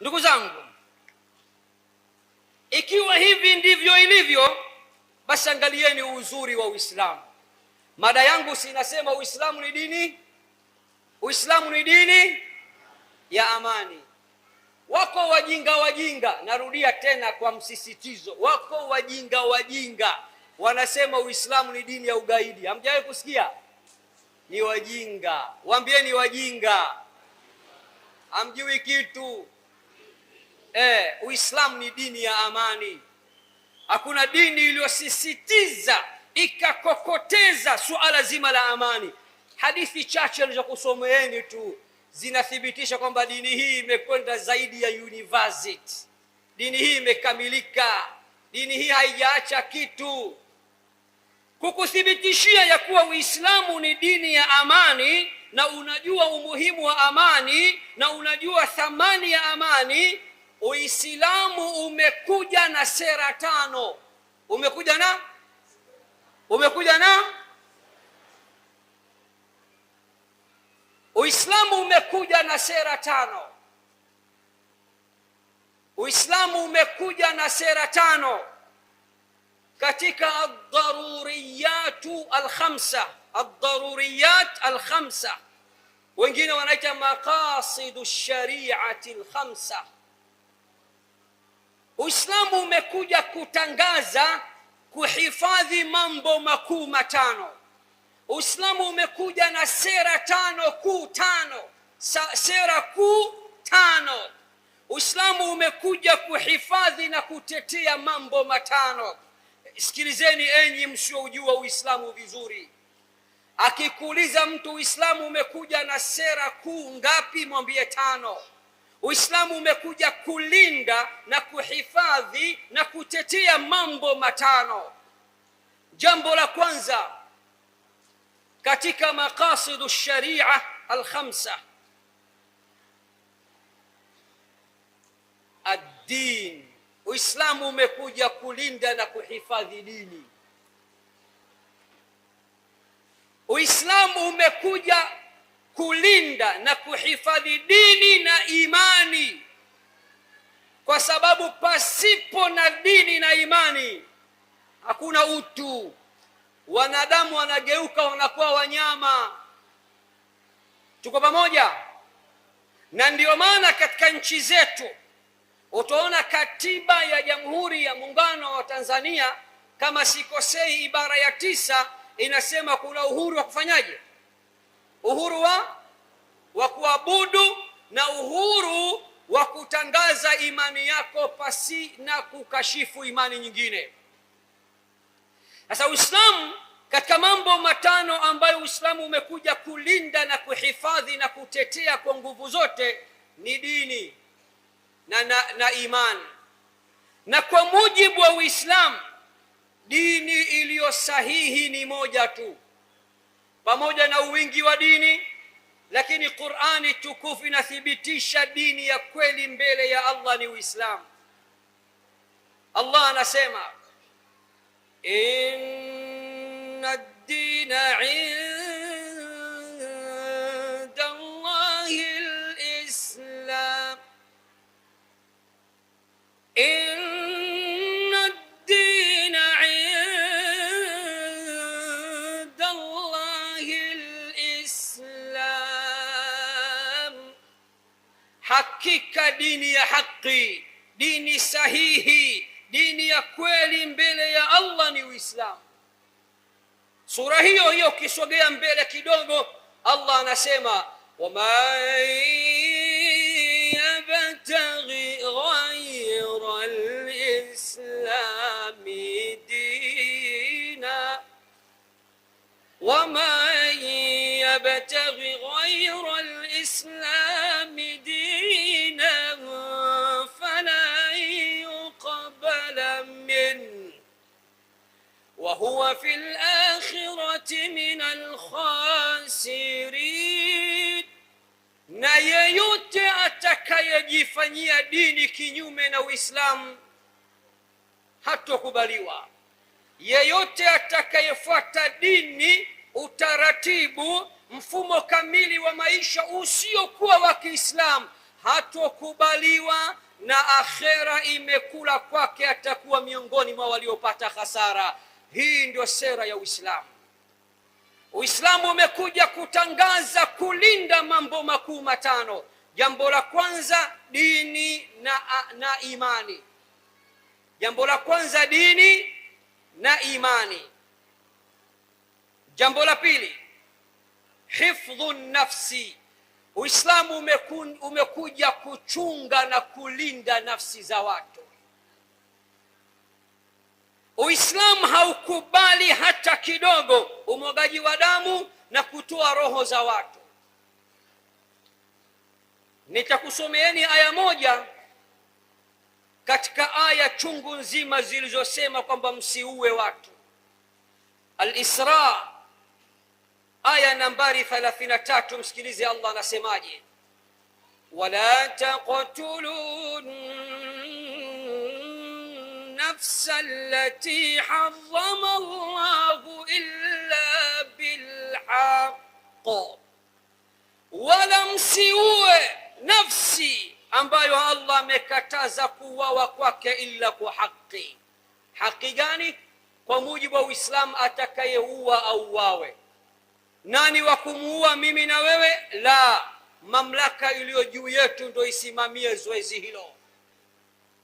Ndugu zangu, ikiwa hivi ndivyo ilivyo, basi angalieni uzuri wa Uislamu. Mada yangu si inasema Uislamu ni dini, Uislamu ni dini ya amani. Wako wajinga wajinga, narudia tena kwa msisitizo, wako wajinga wajinga wanasema Uislamu ni dini ya ugaidi. Hamjawahi kusikia? Ni wajinga, waambieni wajinga, hamjui kitu eh, Uislamu ni dini ya amani. Hakuna dini iliyosisitiza ikakokoteza suala zima la amani. Hadithi chache nilizokusomeeni tu zinathibitisha kwamba dini hii imekwenda zaidi ya university. Dini hii imekamilika, dini hii haijaacha kitu. Kukuthibitishia ya kuwa Uislamu ni dini ya amani na unajua umuhimu wa amani na unajua thamani ya amani Uislamu umekuja na sera tano, umekuja na umekuja na Uislamu umekuja na sera tano. Uislamu umekuja na sera tano katika ad-daruriyatu al-khamsa, ad-daruriyat al-khamsa, wengine wanaita maqasidu shariati al-khamsa Uislamu umekuja kutangaza kuhifadhi mambo makuu matano. Uislamu umekuja na sera tano kuu tano, sera kuu tano. Uislamu umekuja kuhifadhi na kutetea mambo matano. Sikilizeni enyi msiojua Uislamu vizuri, akikuuliza mtu Uislamu umekuja na sera kuu ngapi, mwambie tano. Uislamu umekuja kulinda na kuhifadhi na kutetea mambo matano. Jambo la kwanza katika maqasidu sharia alkhamsa, ad-din. Uislamu umekuja kulinda na kuhifadhi dini. Uislamu umekuja kulinda na kuhifadhi dini na imani, kwa sababu pasipo na dini na imani hakuna utu. Wanadamu wanageuka wanakuwa wanyama. Tuko pamoja? Na ndiyo maana katika nchi zetu utaona katiba ya Jamhuri ya Muungano wa Tanzania, kama sikosei, ibara ya tisa inasema kuna uhuru wa kufanyaje uhuru wa wa kuabudu na uhuru wa kutangaza imani yako pasi na kukashifu imani nyingine. Sasa Uislamu katika mambo matano ambayo Uislamu umekuja kulinda na kuhifadhi na kutetea kwa nguvu zote ni dini na, na, na imani. Na kwa mujibu wa Uislamu, dini iliyo sahihi ni moja tu. pamoja na uwingi wa dini, lakini Qur'ani tukufu inathibitisha dini ya kweli mbele ya Allah ni Uislamu. Allah anasema inna ad din 'inda al-Islam. dini ya haki, dini sahihi, dini ya kweli mbele ya Allah ni Uislamu. Sura hiyo hiyo ukisogea mbele kidogo, Allah anasema waman yabtaghi ghayra lislami dina waman yabtaghi ghayra lislami dina وهو في الآخرة من alkhasirin, na yeyote atakayejifanyia dini kinyume na Uislamu hatokubaliwa. Yeyote atakayefuata dini, utaratibu, mfumo kamili wa maisha usiokuwa wa Kiislamu hatokubaliwa na akhera imekula kwake, atakuwa miongoni mwa waliopata hasara. Hii ndio sera ya Uislamu. Uislamu umekuja kutangaza kulinda mambo makuu matano. Jambo la kwanza dini na, na imani. Jambo la kwanza dini na imani. Jambo la pili hifdhu nafsi. Uislamu umeku, umekuja kuchunga na kulinda nafsi za watu. Uislamu haukubali hata kidogo umwagaji wa damu na kutoa roho za watu. Nitakusomeeni aya moja katika aya chungu nzima zilizosema kwamba msiue watu. Al-Isra aya nambari 33, msikilize Allah anasemaje: wala taqtulun النفس التي حرم الله إلا بالحق wala msiue nafsi ambayo Allah amekataza kuuawa kwake illa kwa haki. Haki gani? Kwa mujibu wa Uislamu, atakayeua auawe. Nani wa kumuua? Mimi na wewe? La, mamlaka iliyo juu yetu ndio isimamie zoezi hilo.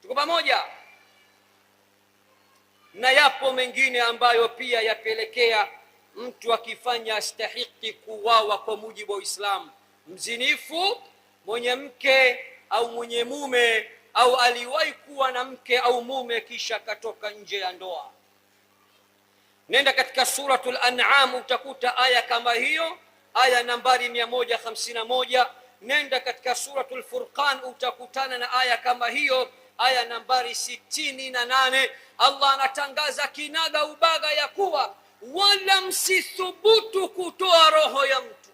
Tuko pamoja? na yapo mengine ambayo pia yapelekea mtu akifanya astahiki kuwawa kwa mujibu wa Uislamu. Mzinifu mwenye mke au mwenye mume au aliwahi kuwa na mke au mume kisha akatoka nje ya ndoa. Nenda katika Suratul An'am utakuta aya kama hiyo, aya nambari 151. Nenda katika Suratul Furqan utakutana na aya kama hiyo aya nambari sitini na nane Allah anatangaza kinaga ubaga ya kuwa wala msithubutu kutoa roho ya mtu.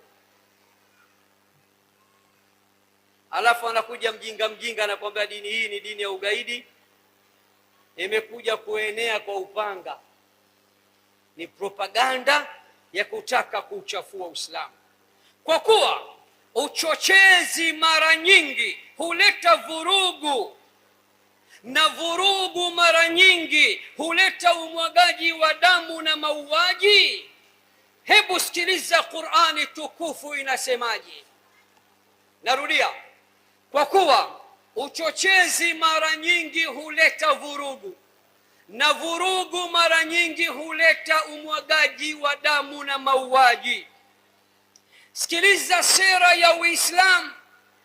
Alafu anakuja mjinga mjinga anakwambia dini hii ni dini ya ugaidi, imekuja kuenea kwa upanga, ni propaganda ya kutaka kuuchafua Uislamu, kwa kuwa uchochezi mara nyingi huleta vurugu na vurugu mara nyingi huleta umwagaji wa damu na mauaji. Hebu sikiliza Qur'ani tukufu inasemaje. Narudia, kwa kuwa uchochezi mara nyingi huleta vurugu na vurugu mara nyingi huleta umwagaji wa damu na mauaji. Sikiliza sera ya Uislamu,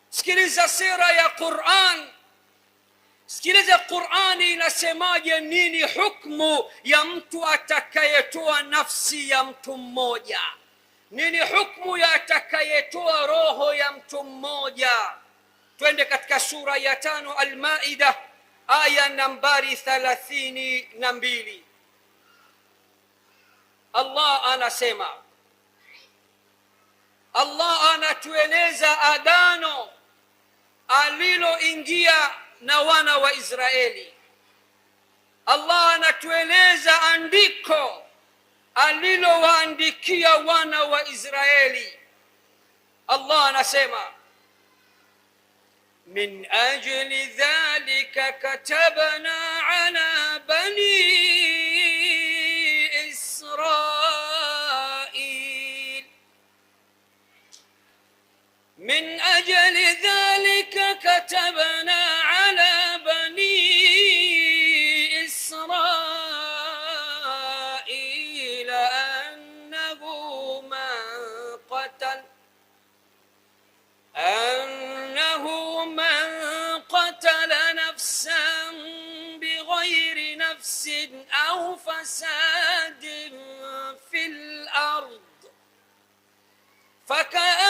sikiliza sera ya Qur'an sikiliza qurani inasemaje nini hukmu ya mtu atakayetoa nafsi ya mtu mmoja nini hukmu ya atakayetoa roho ya mtu mmoja twende katika sura ya tano almaida aya nambari thalathini na mbili allah anasema allah anatueleza agano aliloingia na wana wa Israeli. Allah anatueleza andiko alilowaandikia wana wa Israeli. Allah anasema min ajli dhalika katabna ala bani من أجل ذلك كتبنا على بني إسرائيل أنه من قتل أنه من قتل نفسا بغير نفس أو فساد في الأرض فكأن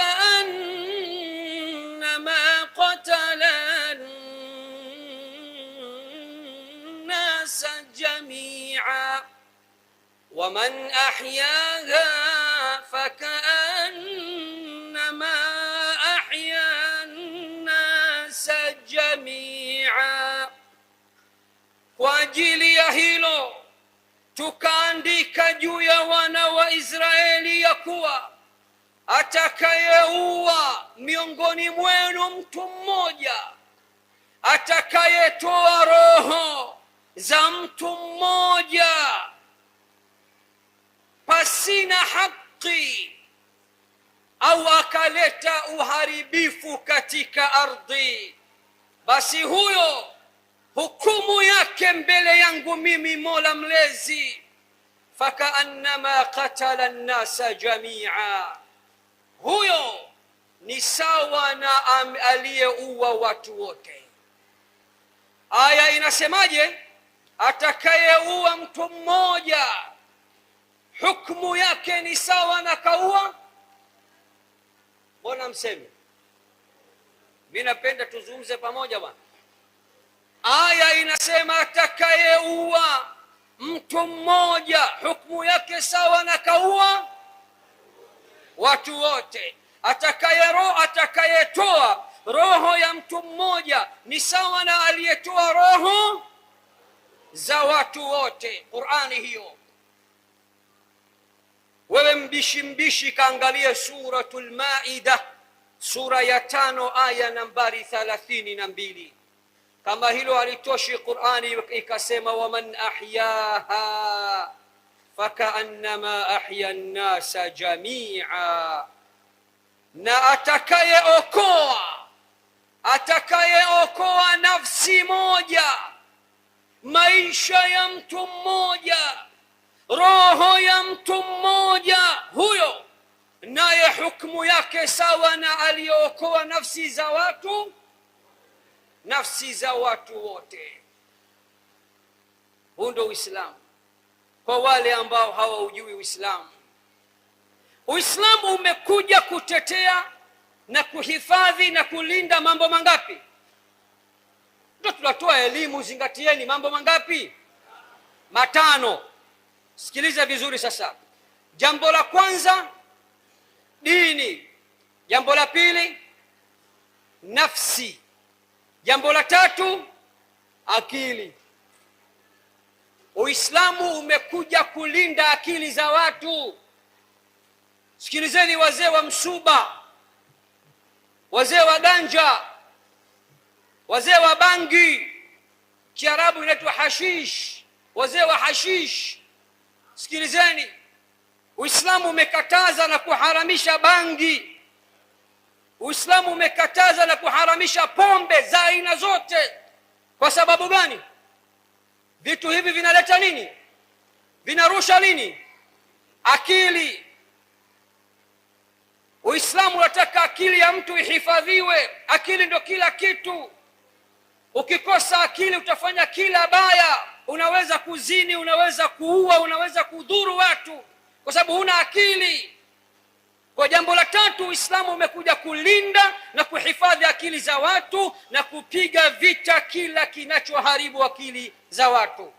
فكأنما قتل الناس جميعا ومن أحياها فكأنما أحيا الناس جميعا kwa ajili تكاندي hilo tukaandika juu يكوى atakayeua miongoni mwenu mtu mmoja, atakayetoa roho za mtu mmoja pasina haki, au akaleta uharibifu katika ardhi, basi huyo hukumu yake mbele yangu mimi Mola Mlezi. Fakaannama qatala nnasa jamia huyo ni sawa na aliyeua watu wote. Aya inasemaje? Atakayeua mtu mmoja hukumu yake ni sawa na kaua. Mbona mseme? Mi napenda tuzungumze pamoja bwana. Aya inasema atakayeua mtu mmoja hukumu yake sawa na kaua watu wote. Atakayero, atakayetoa roho ya mtu mmoja ni sawa na aliyetoa roho za watu wote. Qurani hiyo. Wewe mbishi mbishi, kaangalie Suratul Maida sura ya tano aya nambari thalathini na mbili. Kama hilo halitoshi, Qurani ikasema waman ahyaha فكأنما أحيا الناس جميعا na atakaye okoa atakayeokoa nafsi moja maisha ya mtu mmoja roho ya mtu mmoja huyo naye hukmu yake sawa na aliyookoa nafsi za watu nafsi za watu wote huu ndo uislamu kwa wale ambao hawaujui Uislamu. Uislamu umekuja kutetea na kuhifadhi na kulinda mambo mangapi? Ndio tunatoa elimu, zingatieni mambo mangapi? Matano. Sikiliza vizuri sasa. Jambo la kwanza dini, jambo la pili nafsi, jambo la tatu akili, Uislamu umekuja kulinda akili za watu. Sikilizeni wazee wa msuba, wazee wa ganja, wazee wa bangi, Kiarabu inaitwa hashish, wazee wa hashish. Sikilizeni, Uislamu umekataza na kuharamisha bangi. Uislamu umekataza na kuharamisha pombe za aina zote. Kwa sababu gani? Vitu hivi vinaleta nini? Vinarusha nini? Akili. Uislamu unataka akili ya mtu ihifadhiwe. Akili ndio kila kitu. Ukikosa akili utafanya kila baya. Unaweza kuzini, unaweza kuua, unaweza kudhuru watu kwa sababu huna akili. Kwa jambo la tatu, Uislamu umekuja kulinda na kuhifadhi akili za watu na kupiga vita kila kinachoharibu akili za watu.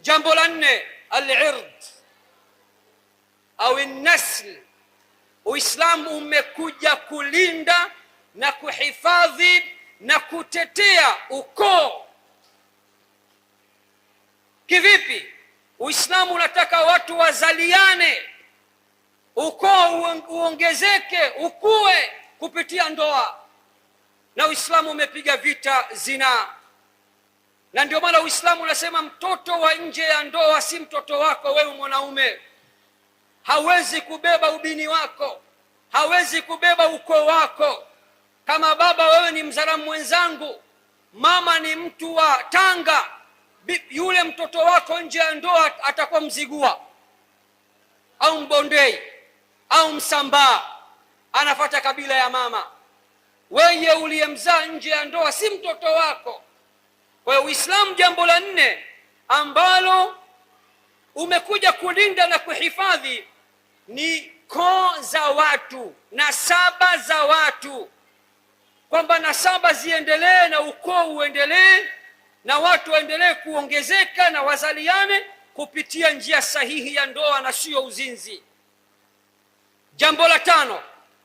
Jambo la nne, al-ird au nasl. Uislamu umekuja kulinda na kuhifadhi na kutetea ukoo. Kivipi? Uislamu unataka watu wazaliane ukoo uongezeke, ukue kupitia ndoa, na Uislamu umepiga vita zinaa, na ndio maana Uislamu unasema mtoto wa nje ya ndoa si mtoto wako. Wewe mwanaume hawezi kubeba ubini wako, hawezi kubeba ukoo wako. Kama baba, wewe ni mzaramu mwenzangu, mama ni mtu wa Tanga, yule mtoto wako nje ya ndoa atakuwa Mzigua au Mbondei au Msambaa anafata kabila ya mama. Wewe uliyemzaa nje ya ndoa si mtoto wako. Kwa hiyo Uislamu, jambo la nne ambalo umekuja kulinda na kuhifadhi ni koo za watu, nasaba za watu, kwamba nasaba ziendelee na ukoo uendelee na watu waendelee kuongezeka na wazaliane kupitia njia sahihi ya ndoa na siyo uzinzi. Jambo la tano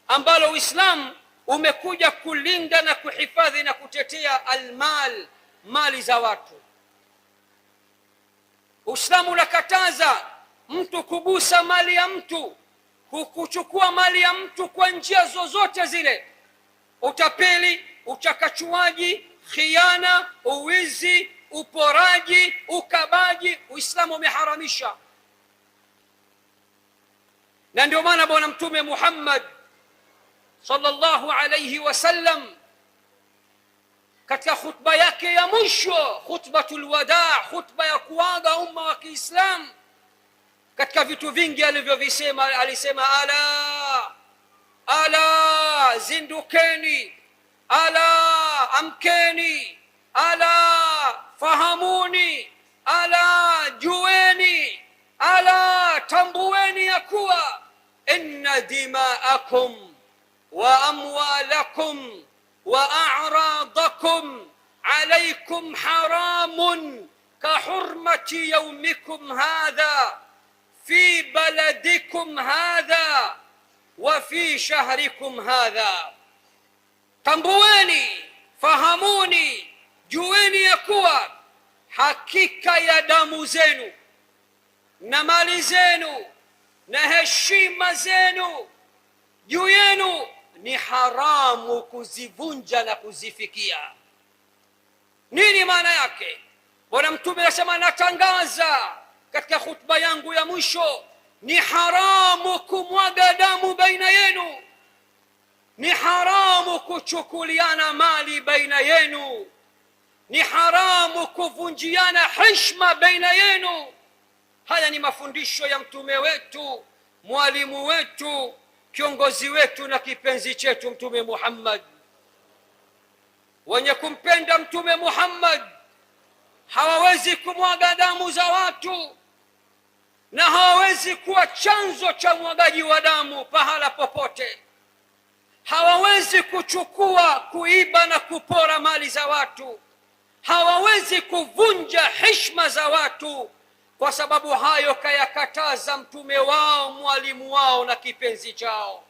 ambalo Uislamu umekuja kulinda na kuhifadhi na kutetea almal, mali za watu. Uislamu unakataza mtu kugusa mali ya mtu, kuchukua mali ya mtu kwa njia zozote zile, utapeli, uchakachuaji, khiana, uwizi, uporaji, ukabaji. Uislamu umeharamisha na ndio maana Bwana Mtume Muhammad sallallahu alayhi wasallam katika khutba yake ya mwisho, khutbatul wadaa, khutba ya kuaga umma wa kiislam katika vitu vingi alivyovisema, alisema ala ala, zindukeni, ala amkeni, ala fahamuni, ala jueni, ala tambueni yaku إن دماءكم وأموالكم وأعراضكم عليكم حرام كحرمة يومكم هذا في بلدكم هذا وفي شهركم هذا تنبويني فهموني جويني يكوى حقيقة يا دامو زينو نمالي زينو na heshima zenu juu yenu ni haramu kuzivunja na kuzifikia. Nini maana yake? Bwana Mtume anasema, natangaza katika khutba yangu ya mwisho, ni haramu kumwaga damu baina yenu, ni haramu kuchukuliana mali baina yenu, ni haramu kuvunjiana heshma baina yenu Haya ni mafundisho ya mtume wetu, mwalimu wetu, kiongozi wetu na kipenzi chetu, Mtume Muhammad. Wenye kumpenda Mtume Muhammad hawawezi kumwaga damu za watu na hawawezi kuwa chanzo cha mwagaji wa damu pahala popote. Hawawezi kuchukua, kuiba na kupora mali za watu. Hawawezi kuvunja heshima za watu kwa sababu hayo kayakataza mtume wao mwalimu wao na kipenzi chao.